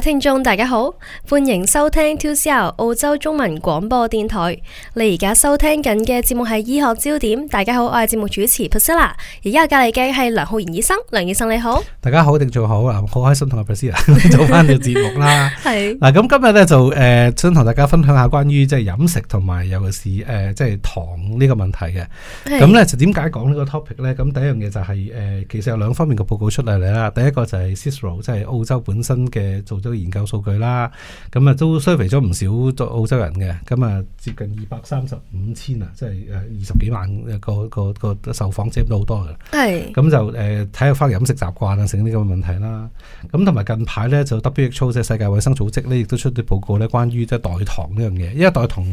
聽眾，大家好，歡迎收聽 Two C L 澳洲中文廣播電台。你而家收聽緊嘅節目係醫學焦點。大家好，我係節目主持 Priscilla。而家隔籬嘅係梁浩然醫生，梁醫生你好。大家好定做好啦，好開心同阿 Priscilla 做翻條節目啦。係 嗱，咁今日咧就誒、呃、想同大家分享一下關於即係飲食同埋尤其是誒、呃、即係糖呢個問題嘅。咁咧就點解講呢個 topic 咧？咁第一樣嘢就係、是、誒、呃、其實有兩方面嘅報告出嚟嚟啦。第一個就係 Cicero 即係澳洲本身嘅做。都研究數據啦，咁啊都 survey 咗唔少澳洲人嘅，咁啊接近二百三十五千啊，即係誒二十幾萬個個個,個受訪者都好多嘅。係咁就誒睇下翻飲食習慣啊，成呢咁嘅問題啦。咁同埋近排咧就 WHO 即係世界衞生組織咧，亦都出啲報告咧，關於即係代糖呢樣嘢，因為代糖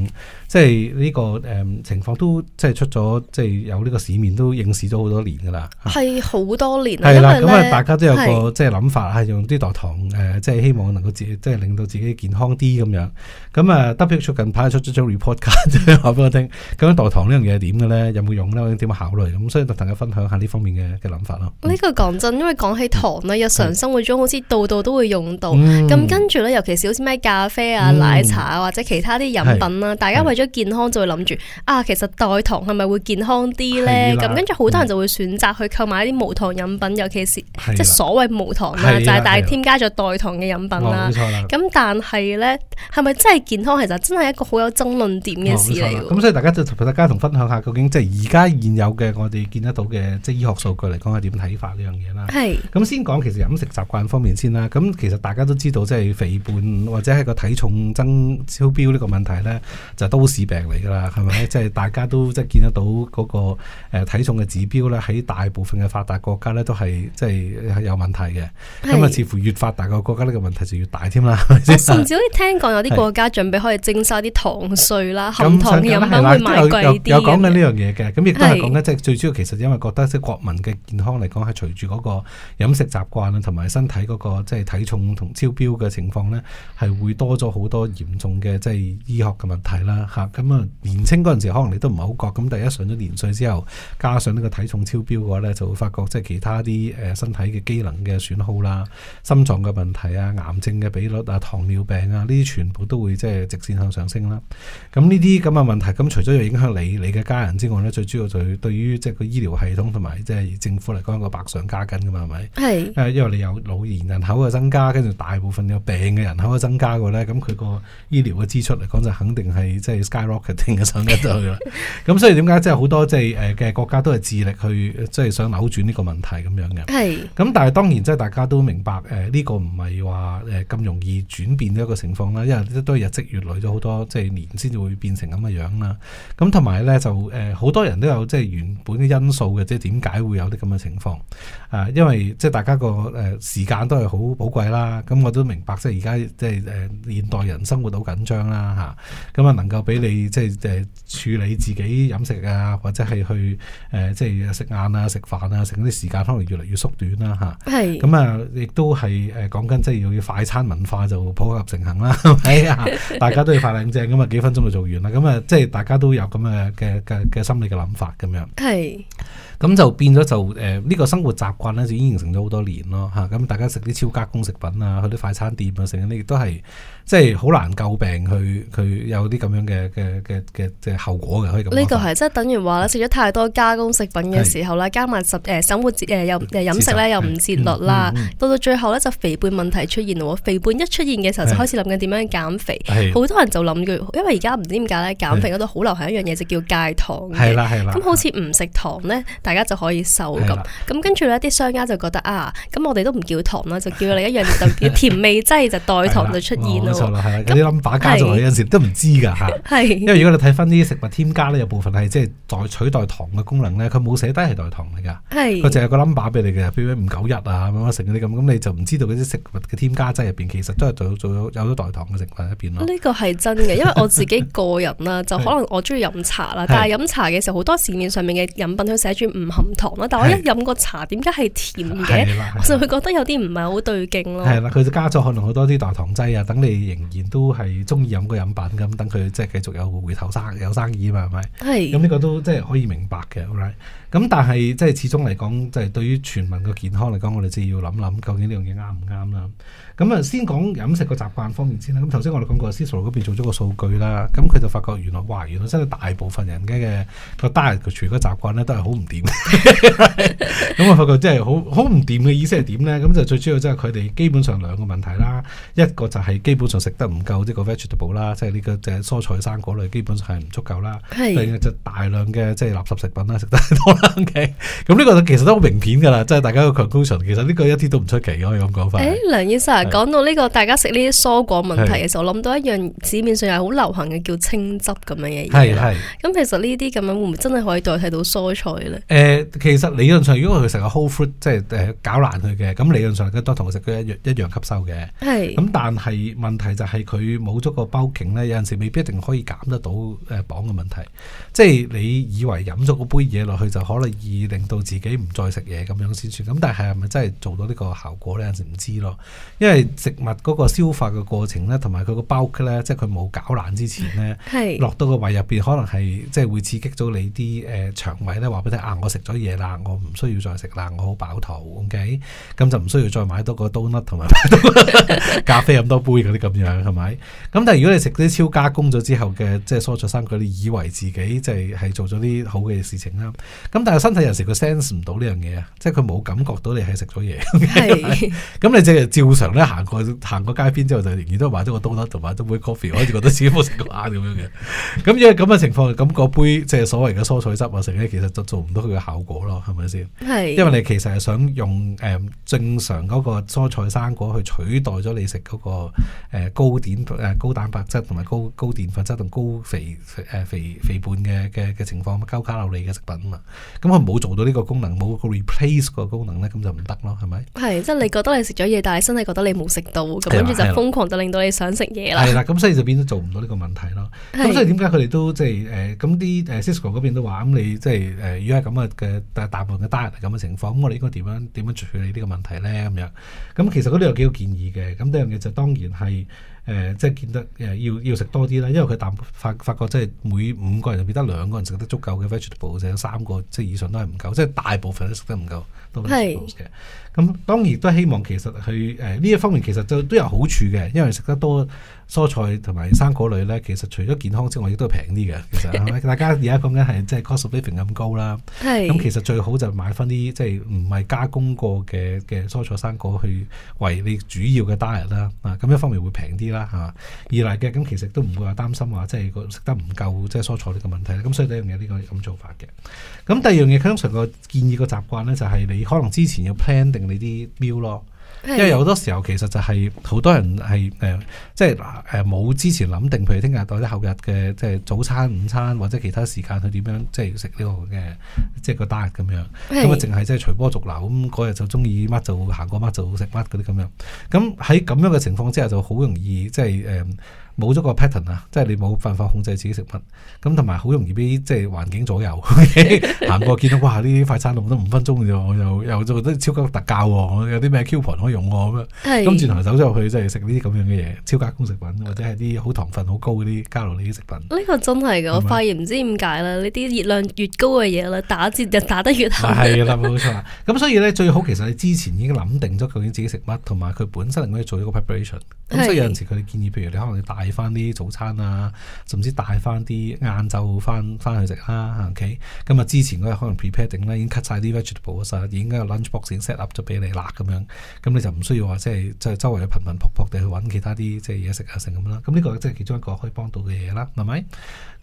即係、這、呢個誒、嗯、情況都即係出咗，即係有呢個市面都應試咗好多年㗎啦。係好多年。係啦，咁啊大家都有個即係諗法啊，用啲代糖誒，即係希望。我能夠即係令到自己健康啲咁樣，咁啊 WHO 近排出咗張 report 卡， 即話俾我聽，究竟代糖呢樣嘢係點嘅咧？有冇用咧？點樣考慮咁？所以同大家分享一下呢方面嘅嘅諗法咯。呢、嗯、個講真，因為講起糖咧，嗯、日常生活中好似度度都會用到，咁、嗯、跟住咧，尤其是好似咩咖啡啊、奶茶啊或者其他啲飲品啦，嗯嗯大家為咗健康就會諗住啊，其實代糖係咪會健康啲咧？咁跟住好多人就會選擇去購買一啲無糖飲品，嗯、尤其是即係所謂無糖啊，就係但添加咗代糖嘅飲品冇、哦、錯啦。咁但係咧，係咪真係健康？其實真係一個好有爭論點嘅事嚟。咁、哦、所以大家就同大家同分享一下，究竟即係而家現有嘅我哋見得到嘅即係醫學數據嚟講係點睇法呢樣嘢啦。係。咁先講其實飲食習慣方面先啦。咁其實大家都知道，即係肥胖或者係個體重增超標呢個問題咧，就是、都市病嚟㗎啦，係咪？即 係大家都即係見得到嗰個誒體重嘅指標咧，喺大部分嘅發達國家咧都係即係有問題嘅。咁啊、嗯，似乎越發達嘅國家呢個問題提就要大添啦， 甚至好似聽講有啲國家準備可以徵收啲糖稅啦，含糖嘅飲品會賣貴啲。又講緊呢樣嘢嘅，咁亦都係講緊即係最主要，其實因為覺得即係國民嘅健康嚟講，係隨住嗰個飲食習慣同埋身體嗰、那個即係、就是、體重同超標嘅情況咧，係會多咗好多嚴重嘅即係醫學嘅問題啦。吓，咁啊，年輕嗰陣時可能你都唔係好覺，咁第一上咗年歲之後，加上呢個體重超標嘅話咧，就會發覺即係、就是、其他啲誒身體嘅機能嘅損耗啦、心臟嘅問題啊。癌症嘅比率啊，糖尿病啊，呢啲全部都會即係直線向上升啦。咁呢啲咁嘅問題，咁除咗影響你你嘅家人之外咧，最主要就對於即係個醫療系統同埋即係政府嚟講，個百上加斤噶嘛，係咪？係。因為你有老年人口嘅增加，跟住大部分有病嘅人口嘅增加嘅咧，咁佢個醫療嘅支出嚟講就肯定係即係 skyrocketing 嘅上升上去啦。咁 所以點解即係好多即係誒嘅國家都係致力去即係想扭轉呢個問題咁樣嘅？係。咁但係當然即係大家都明白誒呢、呃這個唔係話。誒、嗯，咁容易轉變一個情況啦，因為都係日積月累咗好多，即係年先至會變成咁嘅樣啦。咁同埋咧就，好、呃、多人都有即係原本啲因素嘅，即係點解會有啲咁嘅情況？啊，因為即係大家個誒、呃、時間都係好寶貴啦。咁我都明白，即係而家即係誒現代人生活到緊張啦，嚇。咁啊，能夠俾你即係誒處理自己飲食啊，或者係去、呃、即係食晏啊、食飯啊、食嗰啲時間，可能越嚟越縮短啦，嚇。係。咁啊，亦、嗯啊、都係誒、呃、講緊即係要。快餐文化就普及盛行啦，係啊？大家都要快靚正咁啊，幾分鐘就做完啦。咁啊，即係大家都有咁嘅嘅嘅嘅心理嘅諗法咁樣。係。咁就變咗就誒呢個生活習慣咧就已經形成咗好多年咯嚇，咁大家食啲超加工食品啊，去啲快餐店啊，成日呢亦都係即係好難救病，佢佢有啲咁樣嘅嘅嘅嘅嘅後果嘅，可以咁講。呢個係即係等於話食咗太多加工食品嘅時候咧，加埋十生活節誒、呃、又誒飲食咧又唔節律啦，到到最後咧就肥胖問題出現喎。肥胖一出現嘅時候就開始諗緊點樣減肥，好多人就諗住，因為而家唔知點解咧減肥嗰度好流行一樣嘢就叫戒糖嘅，係啦係啦，咁好似唔食糖咧，大家就可以收咁，咁跟住咧，啲商家就覺得啊，咁我哋都唔叫糖啦，就叫你一樣就甜 味劑就代糖就出現咯。啲 number 加咗，有陣時都唔知噶嚇。因為如果你睇翻啲食物添加呢，有部分係即係代取代糖嘅功能咧，佢冇寫低係代糖嚟㗎。佢淨係個 number 俾你嘅，譬如五九一啊，咁啊成嗰啲咁，咁你就唔知道嗰啲食物嘅添加劑入邊，其實都係做咗有咗代糖嘅成分喺入邊咯。呢個係真嘅，因為我自己個人啦， 就可能我中意飲茶啦，但係飲茶嘅時候好多市面上面嘅飲品佢寫住唔含糖咯，但我一飲個茶，點解係甜嘅？我就會覺得有啲唔係好對勁咯。係啦，佢就加咗可能好多啲代糖劑啊，等你仍然都係中意飲個飲品咁，等佢即係繼續有回頭生有生意嘛，係咪？係咁呢個都即係可以明白嘅，咁但係即係始終嚟講，即係、就是、對於全民嘅健康嚟講，我哋即要諗諗究竟這呢樣嘢啱唔啱啦。咁啊，先講飲食個習慣方面先啦。咁頭先我哋講過 Switzerland 嗰邊做咗個數據啦，咁佢就發覺原來哇，原來真係大部分人嘅個 diet 嘅廚嘅習慣咧都係好唔掂。咁、 嗯、我發覺真係好好唔掂嘅意思係點咧？咁就最主要即係佢哋基本上兩個問題啦，一個就係基本上食得唔夠即係個 vegetable 啦，即係呢個即係蔬菜生果類基本上係唔足夠啦，另外就大量嘅即係垃圾食品啦，食太多啦。咁、okay、呢個其實都好明顯噶啦，即、就、係、是、大家個 conclusion 其實呢個一啲都唔出奇怪可以咁講法，誒、哎，梁醫生講到呢個大家食呢啲蔬果問題嘅時候，我諗到一樣市面上係係好流行嘅叫清汁咁樣嘅嘢啊。咁、嗯、其實呢啲咁樣會唔會真係可以代替到蔬菜咧？誒其實理論上，如果佢成個 whole fruit，即係誒攪爛佢嘅，咁理論上都同食佢一樣一樣吸收嘅。係。咁但係問題就係佢冇咗個包頸咧，有陣時候未必一定可以減得到誒磅嘅問題。即係你以為飲咗杯嘢落去就可能易令到自己唔再食嘢咁樣先算。咁但係係咪真係做到呢個效果咧？有陣時唔知咯。因為食物嗰個消化嘅過程咧，同埋佢個包頸咧，即係佢冇攪爛之前咧，係落到個胃入邊可能係即係會刺激到你啲誒腸胃咧。話俾你聽我食咗嘢啦，我唔需要再食啦，我好飽肚，OK，咁就唔需要再買多個 donut 同埋咖啡咁多杯嗰啲咁樣，係咪？咁但係如果你食啲超加工咗之後嘅即係蔬菜生果，你以為自己即係係做咗啲好嘅事情啦。咁但係身體有時佢 sense 唔到呢樣嘢啊，即係佢冇感覺到你係食咗嘢。係 是。咁 你即係照常咧行過行過街邊之後，就仍然都買咗個 donut 同埋咗杯 coffee，開始覺得自己冇食過晏咁樣嘅。咁依個咁嘅情況，咁嗰杯即係所謂嘅蔬菜汁啊，成咧其實就做唔到。嘅效果咯，係咪先？係，因為你其實係想用誒正常嗰個蔬菜生果去取代咗你食嗰個誒糕點誒高蛋白質同埋高高澱粉質同高肥誒肥肥胖嘅嘅嘅情況嘛，高卡路里嘅食品啊嘛，咁佢冇做到呢個功能，冇個 replace 個功能咧，咁就唔得咯，係咪？係，即係你覺得你食咗嘢，但係身體覺得你冇食到，咁跟住就瘋狂，就令到你想食嘢啦。係啦，咁所以就變咗做唔到呢個問題咯。咁所以點解佢哋都即係誒咁啲誒 Cisco 嗰邊都話，咁、呃、你即係誒如果係咁樣？嘅大部分嘅單人係咁嘅情況，咁我哋應該點樣點樣處理呢個問題咧？咁樣咁其實嗰度有幾個建議嘅，咁呢樣嘢就是當然係。誒、呃、即係見得誒要要食多啲啦，因為佢但發發，發覺即係每五個人就變得兩個人食得足夠嘅 vegetable，就有三個即係以上都係唔夠，即係大部分都食得唔夠。係。咁當然都希望其實佢誒呢一方面其實都都有好處嘅，因為食得多蔬菜同埋生果類咧，其實除咗健康之外，亦都係平啲嘅。其實 大家而家講緊係即係 cost of living 咁高啦。係。咁其實最好就買翻啲即係唔係加工過嘅嘅蔬菜生果去為你主要嘅 diet 啦。咁一方面會平啲。啦嚇，二嚟嘅咁其實都唔會話擔心話，即係個食得唔夠即係蔬菜呢個問題咧。咁所以第一樣嘢呢個咁做法嘅。咁第二樣嘢通常個建議個習慣咧，就係你可能之前要 plan 定你啲 meal 咯。因為有好多時候其實就係好多人係誒、呃，即係誒冇之前諗定，譬如聽日或者後日嘅即係早餐、午餐或者其他時間去點樣即係食呢個嘅，即係、這個單咁樣。咁啊，淨係即係隨波逐流，咁嗰日就中意乜就行過乜就食乜嗰啲咁樣。咁喺咁樣嘅情況之下，就好容易即係誒。呃冇咗個 pattern 啊，即係你冇辦法控制自己食物，咁同埋好容易俾即係環境左右， 行過見到哇呢啲快餐攤都五分鐘嘅啫，我又又做得超級特價喎，有啲咩 coupon 可以用喎咁樣，跟住同走咗去即係食呢啲咁樣嘅嘢，超加工食品或者係啲好糖分好高嗰啲加落呢啲食品。呢個真係㗎，我發現唔知點解啦，呢啲熱量越高嘅嘢咧，打折就打得越係啦， 冇錯。咁 所以咧，最好其實你之前已經諗定咗究竟自己食乜，同埋佢本身你可以做咗個 preparation。咁所以有陣時佢哋建議，譬如你可能要打。帶翻啲早餐啊，甚至帶翻啲晏晝翻翻去食啦。OK，咁、嗯、啊之前嗰日可能 preparing 啦，已經 cut 晒啲 vegetable 啊，晒已經個 lunchbox 已經 set up 咗俾你啦。咁樣咁、嗯、你就唔需要話即係即係周圍去頻頻撲撲地去搵其他啲即係嘢食啊成咁啦。咁、嗯、呢、這個即係其中一個可以幫到嘅嘢啦，係咪？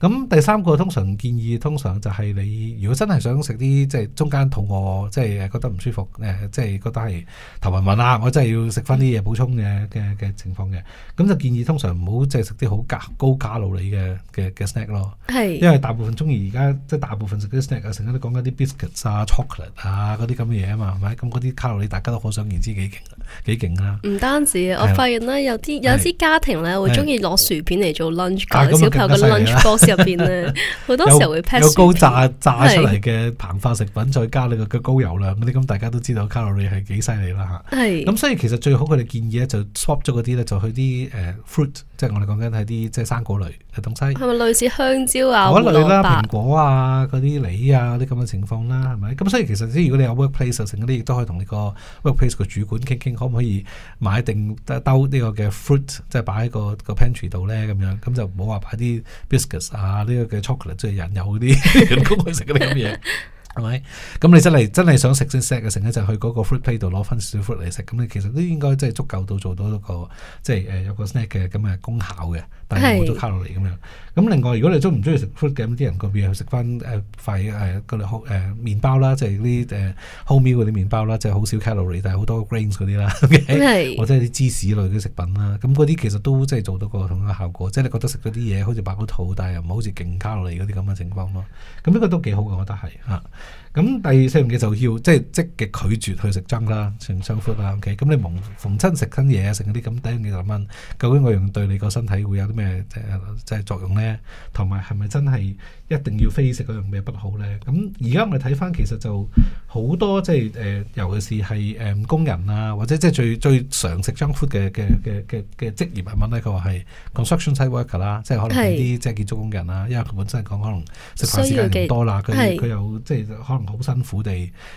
咁第三個通常建議通常就係你如果真係想食啲即係中間肚餓，即係誒覺得唔舒服誒，即、呃、係、就是、覺得係頭暈暈啊，我真係要食翻啲嘢補充嘅嘅嘅情況嘅，咁就建議通常唔好。即係食啲好高卡路里嘅嘅嘅 snack 咯，係因為大部分中意而家即係大部分吃的食啲 snack 啊，成日都講緊啲 biscuits 啊、chocolate 啊嗰啲咁嘅嘢啊嘛，係咪咁，嗰啲卡路里大家都可想而知幾勁幾勁啦！唔單止，我發現咧有啲有啲家庭咧會中意攞薯片嚟做 lunch，小朋友嘅 lunch box 入邊咧好多時候會 p a 高炸炸出嚟嘅膨化食品，的再加你個高油量嗰啲，咁大家都知道卡路里係幾犀利啦嚇。係咁，所以其實最好佢哋建議咧就 swap 咗嗰啲咧，就去啲誒、呃、fruit。即係我哋講緊係啲即係生果類嘅東西，係咪類似香蕉啊？好多類啦，蘋果啊，嗰啲梨啊，啲咁嘅情況啦、啊，係咪？咁所以其實即係如果你有 workplace 成嗰啲，亦都可以同你個 workplace 個主管傾傾，可唔可以買定兜呢個嘅 fruit，即係擺喺個個 pantry 度咧咁樣，咁就唔好話擺啲 biscuits 啊，呢、這個嘅 chocolate 即係引誘嗰啲員工去食嗰啲咁嘢。 係咪？咁你真係真係想食先食嘅成咧，就去嗰個 fruit plate 度攞翻少少 fruit 嚟食。咁你其實都應該即係足夠到做到一個即係誒、呃、有個 snack 嘅咁嘅功效嘅，但係冇咗卡路里咁樣。咁另外，如果你中唔中意食 fruit 嘅，啲人佢會去食翻誒塊誒個誒麪包啦、啊啊，即係啲誒 wholemeal 嗰啲麪包啦，即係好少卡路里，但係好多 grains 嗰啲啦，或者係啲芝士類嘅食品啦。咁嗰啲其實都即係做到一個同樣效果，即係你覺得食咗啲嘢好似飽到肚，但係又唔好似勁卡路里嗰啲咁嘅情況咯。咁呢個都幾好嘅，我覺得係嚇。啊咁第四樣嘢就要即係積極拒絕去食 junk 啦，食 junk food 啦，OK？咁你逢逢親食親嘢，食嗰啲咁低幾十蚊，究竟嗰樣對你個身體會有啲咩即係即係作用咧？同埋係咪真係一定要非食嗰樣嘢不好咧？咁而家我哋睇翻其實就好多即係誒，尤其是係誒工人啊，或者即係最最常食 junk food 嘅嘅嘅嘅嘅職業物品咧，佢話係 construction worker 啦，即係可能啲即係建築工人啊，因為佢本身講可能食飯時間唔多啦，佢佢有即係。可能好辛苦地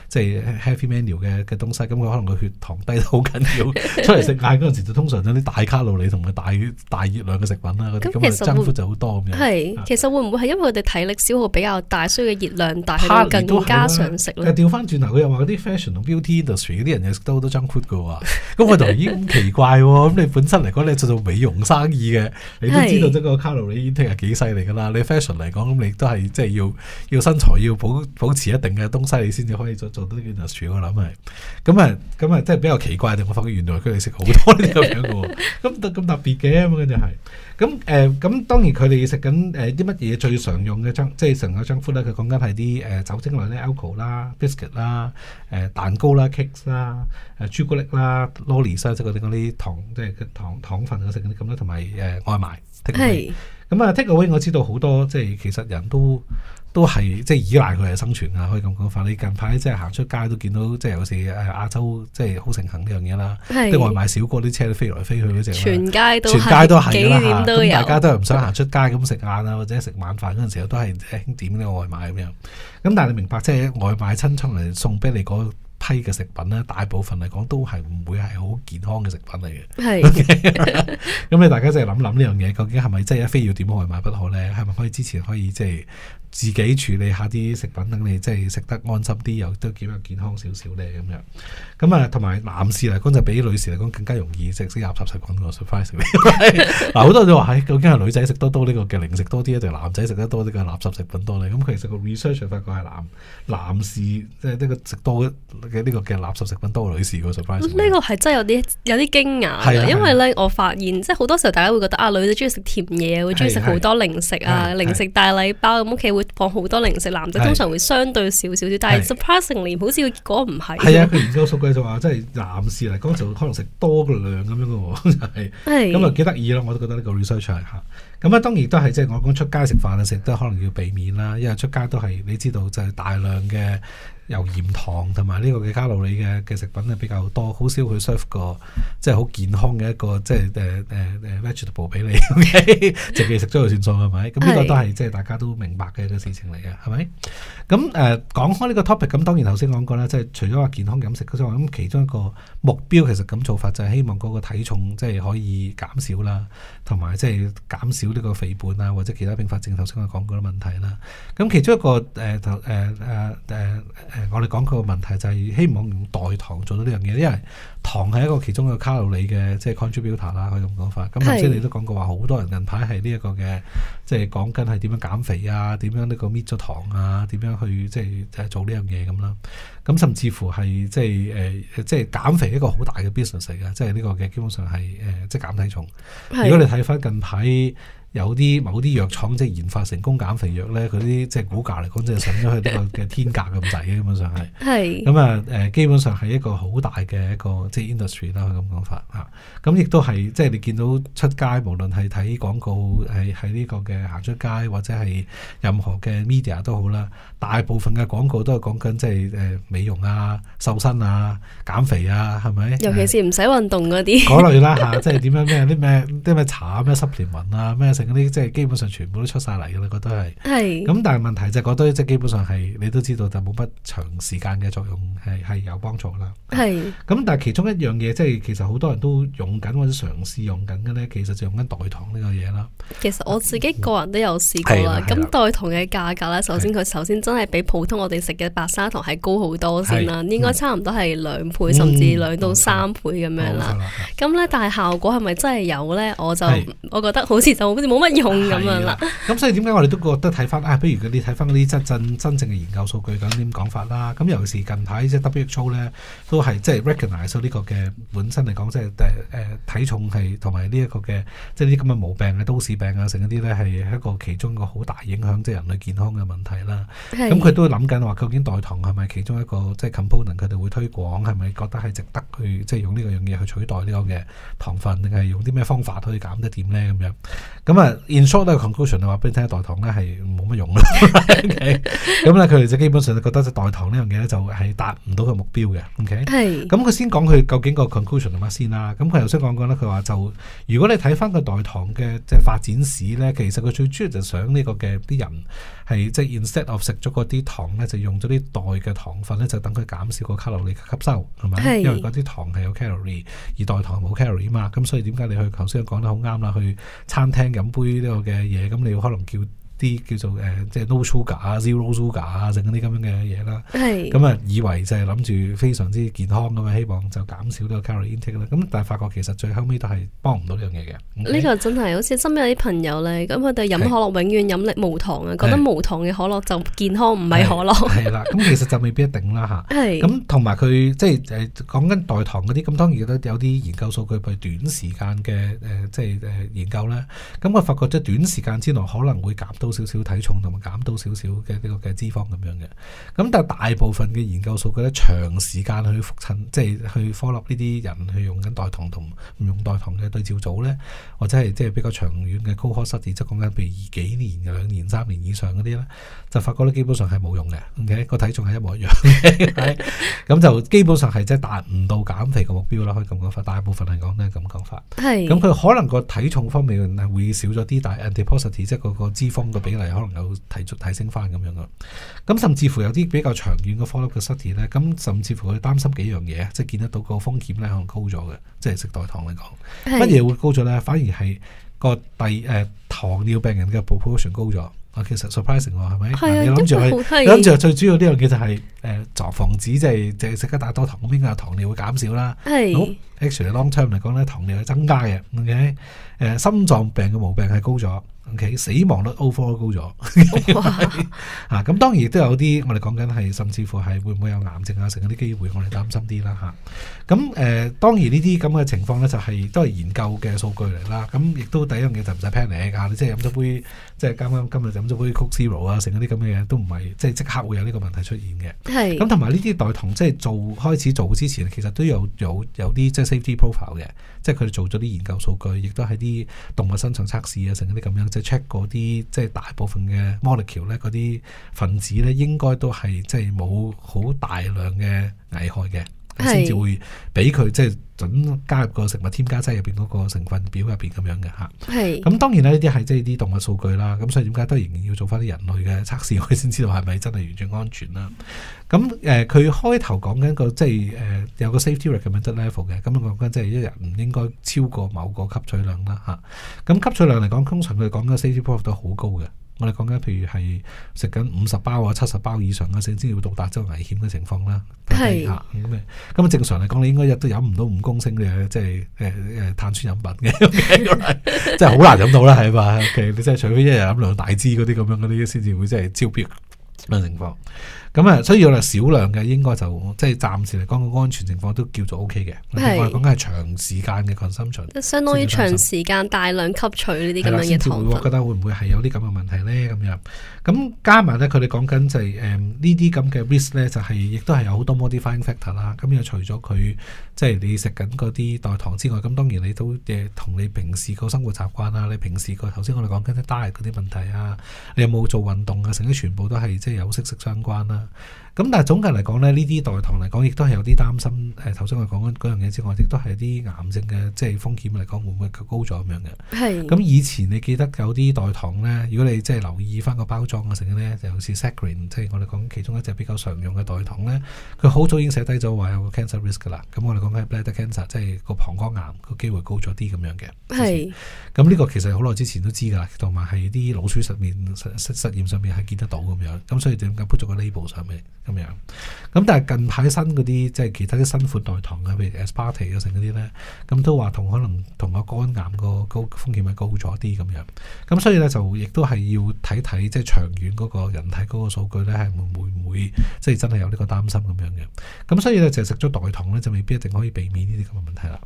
即係、就是、heavy manual 嘅嘅東西，咁佢可能個血糖低得好緊要， 出嚟食晏嗰陣時就通常有啲大卡路里同埋大大熱量嘅食品啦。咁 其實會就好多咁樣？係，其實會唔會係因為佢哋體力消耗比較大，所以熱量大，但是更加想食咯。調翻轉頭，佢又話嗰啲 fashion 同 beauty industry 嗰啲人又食得好多 junk food 喎。咁我就已經奇怪喎。咁 你本身嚟講，你做做美容生意嘅，你都知道即係個卡路里 intake 幾犀利㗎啦。你 fashion 嚟講，咁你都係即係要要身材要保保持。是一定嘅東西，你先至可以再做,做到呢件 a t 我諗係咁啊，咁啊，即係比較奇怪嘅。我發覺原來佢哋食好多呢啲咁樣嘅，咁 咁特別嘅，咁覺得係。咁誒，咁、呃、當然佢哋食緊誒啲乜嘢最常用嘅即係成個 junk food 咧，佢講緊係啲誒酒精類咧，alcohol 啦，biscuit 啦、呃，蛋糕啦，cakes 啦，誒朱古力啦 lollies 啦，即係嗰啲啲糖，即係糖糖分嗰啲咁同埋外賣。係。咁啊，take away 我知道好多，即係其實人都都係即係依賴佢嚟生存啊，可以咁講法。你近排即係行出街都見到，即係有時、哎、亞洲即係好盛行呢樣嘢啦，即外賣小哥啲車都飛來飛去嗰隻。全街都係㗎啦。大家都係唔想行出街咁食晏啊，或者食晚飯嗰陣時候都係即係點外賣咁樣。咁但係你明白即係外賣親出嚟送俾你嗰批嘅食品咧，大部分嚟講都係唔會係好健康嘅食品嚟嘅。係。咁、okay? 你 大家即係諗諗呢樣嘢，究竟係咪真係非要點外賣不可呢？係咪可以之前可以即係？自己處理下啲食品，等你即係食得安心啲，又都兼健康少少咧咁樣。咁啊，同埋男士嚟講就比女士嚟講更加容易食啲垃圾食品。我 surprise 嗱好多人都話、哎、究竟係女仔食得多呢個嘅零食多啲定係男仔食得多啲嘅垃圾食品多咧？咁其實個 research 發覺係男男士即係呢個食多嘅呢個嘅垃圾食品多女士喎 surprise。呢個係真係有啲有啲驚訝，驚訝因為咧，我發現即係好多時候，大家會覺得啊，女仔中意食甜嘢，會中意食好多零食啊，是的是的零食大禮包咁，嗯，屋企會放好多零食，男仔通常會相對少少少，但係 surprisingly 是好似個結果唔係。係啊，佢研究數據就話、是，即係男士嚟講就可能食多個量咁樣咯，那就係。係。咁啊，幾得意咯，我都覺得呢個 research 嚟吓。咁啊，當然亦都係即係我講出街食飯啊，食都可能要避免啦，因為出街都係你知道就係大量嘅。油鹽糖同埋呢個嘅卡路里嘅嘅食品咧比較多，好少去 serve 個即係好健康嘅一個即係誒誒誒 vegetable 俾你， 直接食咗就算數係咪？咁 呢個都係即係大家都明白嘅一個事情嚟嘅，係咪？咁誒、呃、講開呢個 topic，咁當然頭先講過啦，即係除咗話健康飲食之外，咁其中一個目標其實咁做法就係希望嗰個體重即係可以減少啦，同埋即係減少呢個肥胖啊或者其他併發症，頭先我講過嗰啲問題啦。咁其中一個誒頭誒誒誒我哋講佢個問題就係希望用代糖做到呢樣嘢，因為糖係一個其中一個卡路里嘅即係 contributor 啦，可以咁講法。咁頭先你都講過話好多人近排係呢一個嘅，即係講緊係點樣減肥啊，點樣呢個搣咗糖啊，點樣去即係做呢樣嘢咁啦。咁甚至乎係即係誒，即係減、呃、肥一個好大嘅 business 嚟噶，即係呢個嘅基本上係誒、呃，即係減體重。如果你睇返近排。有啲某啲藥廠即係、就是、研發成功減肥藥咧，佢啲即係股價嚟講，即係上咗去呢個嘅天價咁滯嘅，基本上係。係。咁啊誒，基本上係一個好大嘅一個即係、就是、industry 啦，佢咁講法嚇。咁亦都係即係你見到出街，無論係睇廣告，誒喺呢個嘅行出街，或者係任何嘅 media 都好啦，大部分嘅廣告都係講緊即係誒美容啊、瘦身啊、減肥啊，係咪？尤其是唔使運動嗰啲。嗰 類啦吓、啊，即係點樣咩啲咩啲咩茶咩 supplement 啊，咩即係基本上全部都出晒嚟嘅啦，覺得係。係。咁但係問題就係覺得即係基本上係你都知道就冇乜長時間嘅作用係係有幫助啦。係。咁但係其中一樣嘢即係其實好多人都用緊或者嘗試用緊嘅咧，其實就用緊代糖呢個嘢啦。其實我自己個人都有試過啦。咁、嗯、代糖嘅價格咧，首先佢首先真係比普通我哋食嘅白砂糖係高好多先啦，應該差唔多係兩倍、嗯、甚至兩到三倍咁、嗯嗯嗯嗯、樣啦。咁、哦、咧、嗯，但係效果係咪真係有咧？我就我覺得好似就好似冇乜用咁樣啦。咁、啊、所以點解我哋都覺得睇返啊？比如佢你睇返呢啲真真正嘅研究數據咁啲講法啦。咁尤其是近排即係 WHO 咧，都係即係 recognise 呢個嘅本身嚟講、就是呃，即係誒體重係同埋呢一個嘅，即係啲咁嘅毛病嘅都市病啊，成啲咧係一個其中一個好大影響，即係人類健康嘅問題啦。咁佢都會諗緊話，究竟代糖係咪其中一個即係、就是、component？佢哋會推廣係咪覺得係值得去即係、就是、用呢個樣嘢去取代呢個嘅糖分，定係用啲咩方法可以減得點咧？咁樣咁啊～啊，in short 咧，conclusion 啊，我話俾你聽，代糖咧係冇乜用啦。咁咧，佢哋就基本上咧，覺得代糖呢樣嘢咧，就係達唔到個目標嘅。OK，係。咁佢先講佢究竟個 conclusion 係乜先啦。咁佢頭先講過咧，佢話就如果你睇翻個代糖嘅即係發展史咧，其實佢最主要就係想呢個嘅啲人係即係 instead of 食咗嗰啲糖咧，就用咗啲代嘅糖分咧，就等佢減少個卡路里吸收，係咪？係。因為嗰啲糖係有 calorie，而代糖冇 calorie 嘛。咁所以點解你去頭先講得好啱啦？去餐廳嘅。飲杯呢個嘅嘢，咁你要可能叫啲叫做誒、呃、即係 no sugar 啊 zero sugar 啊，整啲咁樣嘅嘢啦。係。咁、嗯、啊以為就係諗住非常之健康噶嘛，希望就減少呢個 calorie intake 啦。咁但係發覺其實最後尾都係幫唔到呢樣嘢嘅。呢、呢個真係好似身邊啲朋友咧，咁佢哋飲可樂永遠飲力無糖啊，覺得無糖嘅可樂就健康，唔係可樂。係啦，咁 其實就未必一定啦吓，係。咁同埋佢即係誒講緊代糖嗰啲，咁當然都有啲研究數據譬如短時間嘅誒、呃，即係誒、呃、研究啦。咁我發覺即係短時間之內可能會減。多少,少少體重同埋減到少少嘅呢個嘅脂肪咁樣嘅，咁但係大部分嘅研究數據咧，長時間去覆診，即係去 follow 呢啲人去用緊代糖同唔用代糖嘅對照組咧，或者係即係比較長遠嘅 cohort study 即係講緊譬如二幾年、兩年、三年以上嗰啲咧，就發覺咧基本上係冇用嘅，OK 個體重係一模一樣，咁 就基本上係即係達唔到減肥嘅目標啦，可以咁講法，大部分嚟講咧咁講法，係咁佢可能個體重方面咧會少咗啲，但係 adiposity 即係嗰個脂肪。個比例可能有提升翻咁樣咯。咁甚至乎有啲比較長遠嘅 follow up 嘅失貼咧，咁甚至乎佢擔心幾樣嘢，即係見得到個風險咧，可能高咗嘅。即係食代糖嚟講，乜嘢會高咗咧？反而係個第、呃、糖尿病人嘅 proportion 高咗、okay，啊。其實 surprising 喎，係咪、啊？你諗住係諗住最主要呢樣嘢就係、是、誒、呃、防止，即係食得太多糖，邊個糖尿會減少啦？係。extra long term 嚟講咧，糖尿係增加嘅，OK？誒、呃，心臟病嘅毛病係高咗，OK？死亡率 overall 高咗，啊！咁、 嗯、當然亦都有啲，我哋講緊係甚至乎係會唔會有癌症啊，成嗰啲機會，我哋擔心啲啦嚇。咁、啊、誒、嗯呃，當然呢啲咁嘅情況咧，就係、是、都係研究嘅數據嚟啦。咁、嗯、亦都第一樣嘢就唔使 panic 嚇，你即係飲咗杯， 即係啱啱今日飲咗杯 Coke Zero 啊，成嗰啲咁嘅嘢都唔係即係即刻會有呢個問題出現嘅。咁，嗯、這些同埋呢啲代糖即係做開始做之前，其實都有有有啲即係。Safety profile 嘅，即係佢哋做咗啲研究數據，亦都係啲動物身上測試啊，成啲咁樣，即係 check 嗰啲，即係大部分嘅 molecule 咧，嗰啲分子咧，應該都係即係冇好大量嘅危害嘅。先至會俾佢即係准加入個食物添加劑入邊嗰個成分表入邊咁樣嘅吓。係。咁當然呢啲係即係啲動物數據啦。咁所以點解當然要做翻啲人類嘅測試，佢先知道係咪真係完全安全啦？咁，誒，佢、呃、開頭講緊、嗰個即係誒有個 safety recommended level 嘅，咁我講緊即係一日唔應該超過某個吸取量啦吓。咁吸取量嚟講，通常佢講嘅 safety profile 都好高嘅。我哋講緊，譬如係食緊五十包啊、七十包以上啊，先至會到達即係危險嘅情況啦。係咁，咁啊正常嚟講，你應該日都飲唔到五公升嘅，即係誒誒碳酸飲品嘅，即係好難飲到啦，係嘛？OK，你即係除非一日飲兩大支嗰啲咁樣嗰啲，先至會即係超標。咩情況？咁啊，所以我哋少量嘅，應該就即係暫時嚟講嘅安全情況都叫做 O K 嘅。我哋講緊係長時間嘅 consumption 相當於長時間大，時間大量吸取呢啲咁嘅糖分，會我覺得會唔會係有啲咁嘅問題咧？咁、嗯就是呃、樣咁加埋咧，佢哋講緊就係誒呢啲咁嘅 risk 咧，就係、是、亦都係有好多 modifying factor 啦。咁又除咗佢即係你食緊嗰啲代糖之外，咁當然你都嘅同你平時個生活習慣啊，你平時個頭先我哋講緊啲 diet 嗰啲問題啊，你有冇做運動啊？成啲全部都係即有息息相關啦。咁但係總計嚟講咧，呢啲代糖嚟講，亦都係有啲擔心。頭先我講嗰樣嘢之外，亦都係啲癌症嘅即係風險嚟講，會唔會高咗咁樣嘅？咁以前你記得有啲代糖咧，如果你即係留意翻個包裝嘅成咧，就好似 Saccharin，即係我哋講其中一隻比較常用嘅代糖咧，佢好早已經寫低咗話有個 cancer risk 㗎啦。咁我哋講緊 bladder cancer，即係個膀胱癌個機會高咗啲咁樣嘅。係。咁呢個其實好耐之前都知㗎啦，同埋係啲老鼠上面實驗上面係見得到咁樣。咁所以點解鋪咗個 label 上面？咁樣，咁但係近排新嗰啲，即係其他啲新款代糖嘅，譬如 aspartame 嗰成嗰啲咧，咁都話同可能同個肝癌個高風險係高咗啲咁樣，咁所以咧就亦都係要睇睇即係長遠嗰個人體嗰個數據咧，係會唔會即係、就是、真係有呢個擔心咁樣嘅，咁所以咧就食咗代糖咧就未必一定可以避免呢啲咁嘅問題啦。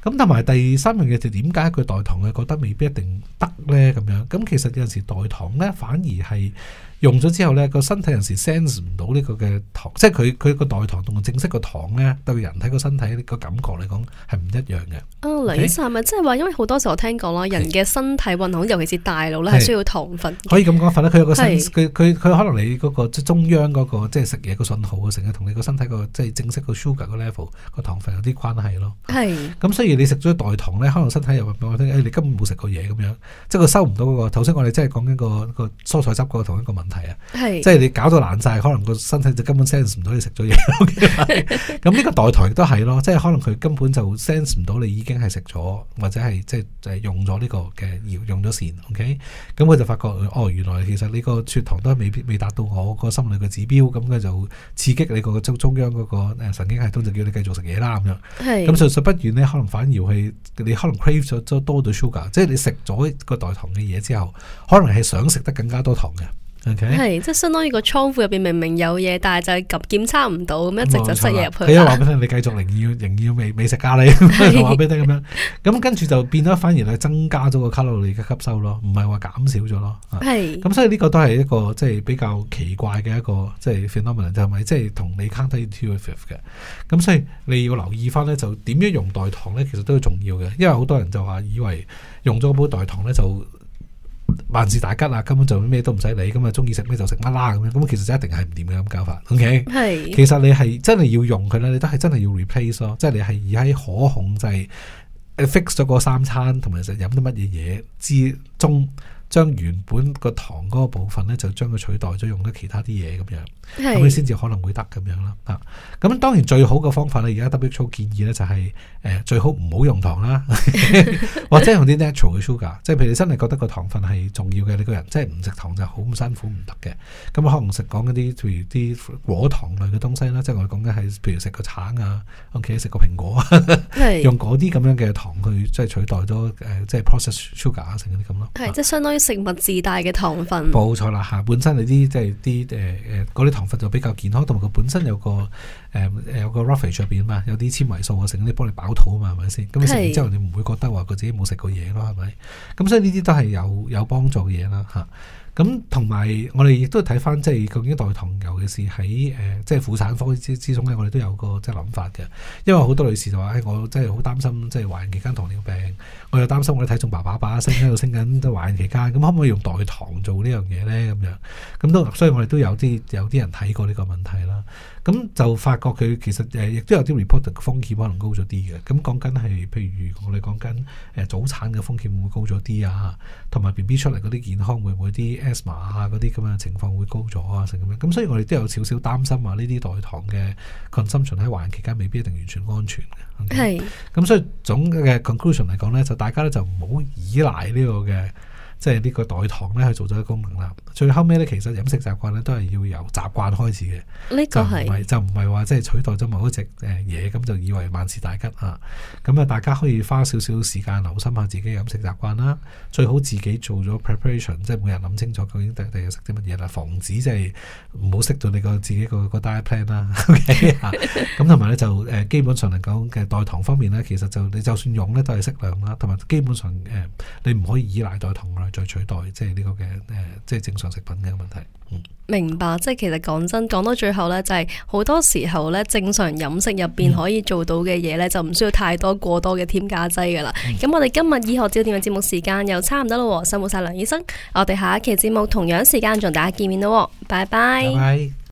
咁同埋第三樣嘢就點解佢代糖嘅覺得未必一定得咧咁樣？咁其實有陣時代糖咧反而係。用咗之後呢，個身體有時 sense 唔到呢個嘅糖，即係佢佢個代糖同正式個糖呢，對人體個身體個感覺嚟講係唔一樣嘅。哦，雷生咪即係話，因為好多時候我聽講啦，人嘅身體運行，尤其是大腦呢，係需要糖分。可以咁講，份咧佢佢佢可能你個個中央嗰個即係食嘢個信號成日同你個身體個即係正式個 sugar 個 level 個糖分有啲關係咯。係。咁所以你食咗代糖呢，可能身體又話俾我聽，你根本冇食過嘢咁樣，即係佢收唔到嗰個。頭先我哋真係講緊個個蔬菜汁個同一個問題。係，即係你搞到爛晒，可能個身體就根本 sense 唔到你食咗嘢。咁 呢 個代糖亦都係咯，即係可能佢根本就 sense 唔到你已經係食咗，或者係即係用咗呢個嘅用咗膳。O K，咁佢就發覺哦，原來其實你個血糖都未必未達到我個心理嘅指標，咁佢就刺激你個中中央嗰個誒神經系統就叫你繼續食嘢啦。咁樣咁，實不如呢，可能反而去你可能 crave 咗多咗 sugar，即係你食咗個代糖嘅嘢之後，可能係想食得更加多糖嘅。係、okay？即係相當於個倉庫入邊明明有嘢，但係就及檢測唔到，咁一直就塞嘢入去。 告你又話俾你聽，你繼續仍要仍要美美食咖喱，話俾、啊、 是 你聽咁樣。咁跟住就變咗，反而係增加咗個卡路里嘅吸收咯，唔係話減少咗咯。係。咁所以呢個都係一個即係比較奇怪嘅一個即係 phenomenon，就係咪？即係同你 counter-intuitive 嘅。咁所以你要留意翻咧，就點樣用代糖咧，其實都要重要嘅。因為好多人就話以為用咗杯代糖咧就。萬事大吉啊！根本就咩都唔使理，咁啊中意食咩就食乜啦咁樣。咁其實就一定係唔掂嘅咁搞法。OK，係。其實你係真係要用佢咧，你都係真係要 replace 咯。即係你係以喺可控制、fix 咗嗰三餐，同埋食飲啲乜嘢嘢之中。將原本個糖嗰個部分咧，就將佢取代咗，用咗其他啲嘢咁樣，咁佢先至可能會得咁樣啦。啊，咁當然最好嘅方法咧，而家 WHO 建議咧就係、是、誒、呃、最好唔好用糖啦， 或者用啲 natural 嘅 sugar，即係譬如你真係覺得個糖分係重要嘅，你個人即係唔食糖就好辛苦唔得嘅。咁可，可能食講一啲，譬如啲果糖類嘅東西啦，即、就、係、是、我哋講緊係譬如食個橙啊，屋企食個蘋果那些啊，用嗰啲咁樣嘅糖去即係取代咗誒即係 process sugar 成嗰啲咁咯。即相當於。食物自帶嘅糖分，冇錯啦吓，本身你啲即係啲誒誒啲糖分就比較健康，同埋佢本身有個誒誒、呃、有個 roughage 入邊嘛，有啲纖維素啊，剩嗰啲幫你飽肚啊嘛，係咪先？咁你食完之後你唔會覺得話佢自己冇食過嘢咯，係咪？咁所以呢啲都係有有幫助嘅嘢啦吓。咁同埋我哋亦都睇翻即係究竟代糖，尤其是喺、呃、即係婦產科之之中咧，我哋都有個即係諗法嘅。因為好多女士就話，誒、哎、我真係好擔心即係懷孕期間糖尿病，我又擔心我哋體重爸爸爸升喺度升緊，即係懷孕期間，咁、 嗯、可唔可以用代糖做呢樣嘢咧？咁樣咁都，所以我哋都有啲有啲人睇過呢個問題啦。咁就發覺佢其實亦都有啲報告風險可能高咗啲嘅。咁講緊係，譬如我哋講緊早產嘅風險會唔會高咗啲啊，同埋 B B 出嚟嗰啲健康會唔會啲 asthma 啊嗰啲咁嘅情況會高咗啊，成咁樣。咁所以我哋都有少少擔心啊，呢啲代糖嘅 consumption 喺懷孕期間未必一定完全安全嘅。係、okay? 咁，所以總嘅 conclusion 嚟講咧，就大家咧就唔好依賴呢個嘅。即係呢個代糖咧，佢做咗個功能啦。最後尾咧，其實飲食習慣咧都係要由習慣開始嘅。呢、這個係就唔係話即係取代咗某一種嘢，咁就以為萬事大吉啊。咁啊，大家可以花少少時間留心下自己飲食習慣啦、啊。最好自己做咗 preparation，即係每日諗清楚究竟第第日食啲乜嘢啦，防止即係唔好食到你個自己、那個個 diet plan 啦、啊。咁同埋咧就基本上嚟講嘅代糖方面咧，其實就你就算用咧都係適量啦。同埋基本上、啊、你唔可以依賴代糖啦再取代即係呢個嘅誒，即係正常食品嘅問題。嗯，明白。即係其實講真，講到最後呢，就係、是、好多時候呢，正常飲食入邊可以做到嘅嘢呢，就唔需要太多過多嘅添加劑噶啦。咁、嗯、我哋今日醫學焦點嘅節目時間又差唔多啦，喎，辛苦晒梁醫生。我哋下一期節目同樣時間同大家見面咯，拜拜。拜拜。